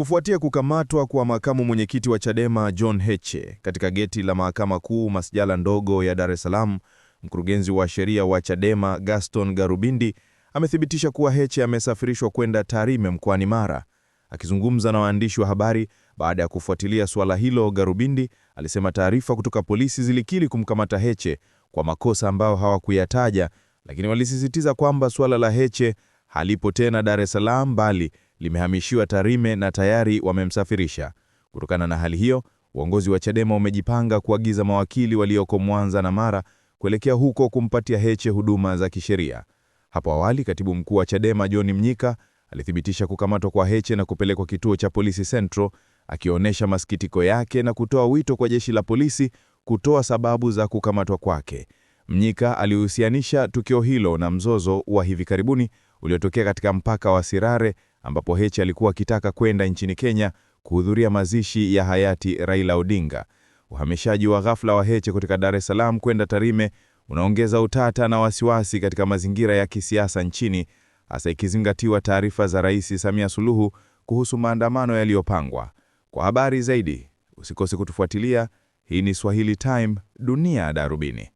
Kufuatia kukamatwa kwa makamu mwenyekiti wa Chadema John Heche katika geti la Mahakama Kuu masjala ndogo ya Dar es Salaam, mkurugenzi wa sheria wa Chadema Gaston Garubindi amethibitisha kuwa Heche amesafirishwa kwenda Tarime mkoani Mara. Akizungumza na waandishi wa habari baada ya kufuatilia suala hilo, Garubindi alisema taarifa kutoka polisi zilikiri kumkamata Heche kwa makosa ambayo hawakuyataja, lakini walisisitiza kwamba suala la Heche halipo tena Dar es Salaam bali limehamishiwa Tarime na tayari wamemsafirisha. Kutokana na hali hiyo, uongozi wa Chadema umejipanga kuagiza mawakili walioko Mwanza na Mara kuelekea huko kumpatia Heche huduma za kisheria. Hapo awali, katibu mkuu wa Chadema John Mnyika alithibitisha kukamatwa kwa Heche na kupelekwa kituo cha polisi Central, akionyesha masikitiko yake na kutoa wito kwa jeshi la polisi kutoa sababu za kukamatwa kwake. Mnyika alihusianisha tukio hilo na mzozo wa hivi karibuni uliotokea katika mpaka wa Sirare ambapo Heche alikuwa akitaka kwenda nchini Kenya kuhudhuria mazishi ya hayati Raila Odinga. Uhamishaji wa ghafla wa Heche kutoka Dar es Salaam kwenda Tarime unaongeza utata na wasiwasi katika mazingira ya kisiasa nchini, hasa ikizingatiwa taarifa za Rais Samia Suluhu kuhusu maandamano yaliyopangwa. Kwa habari zaidi, usikose kutufuatilia. Hii ni Swahili Time, Dunia ya Darubini.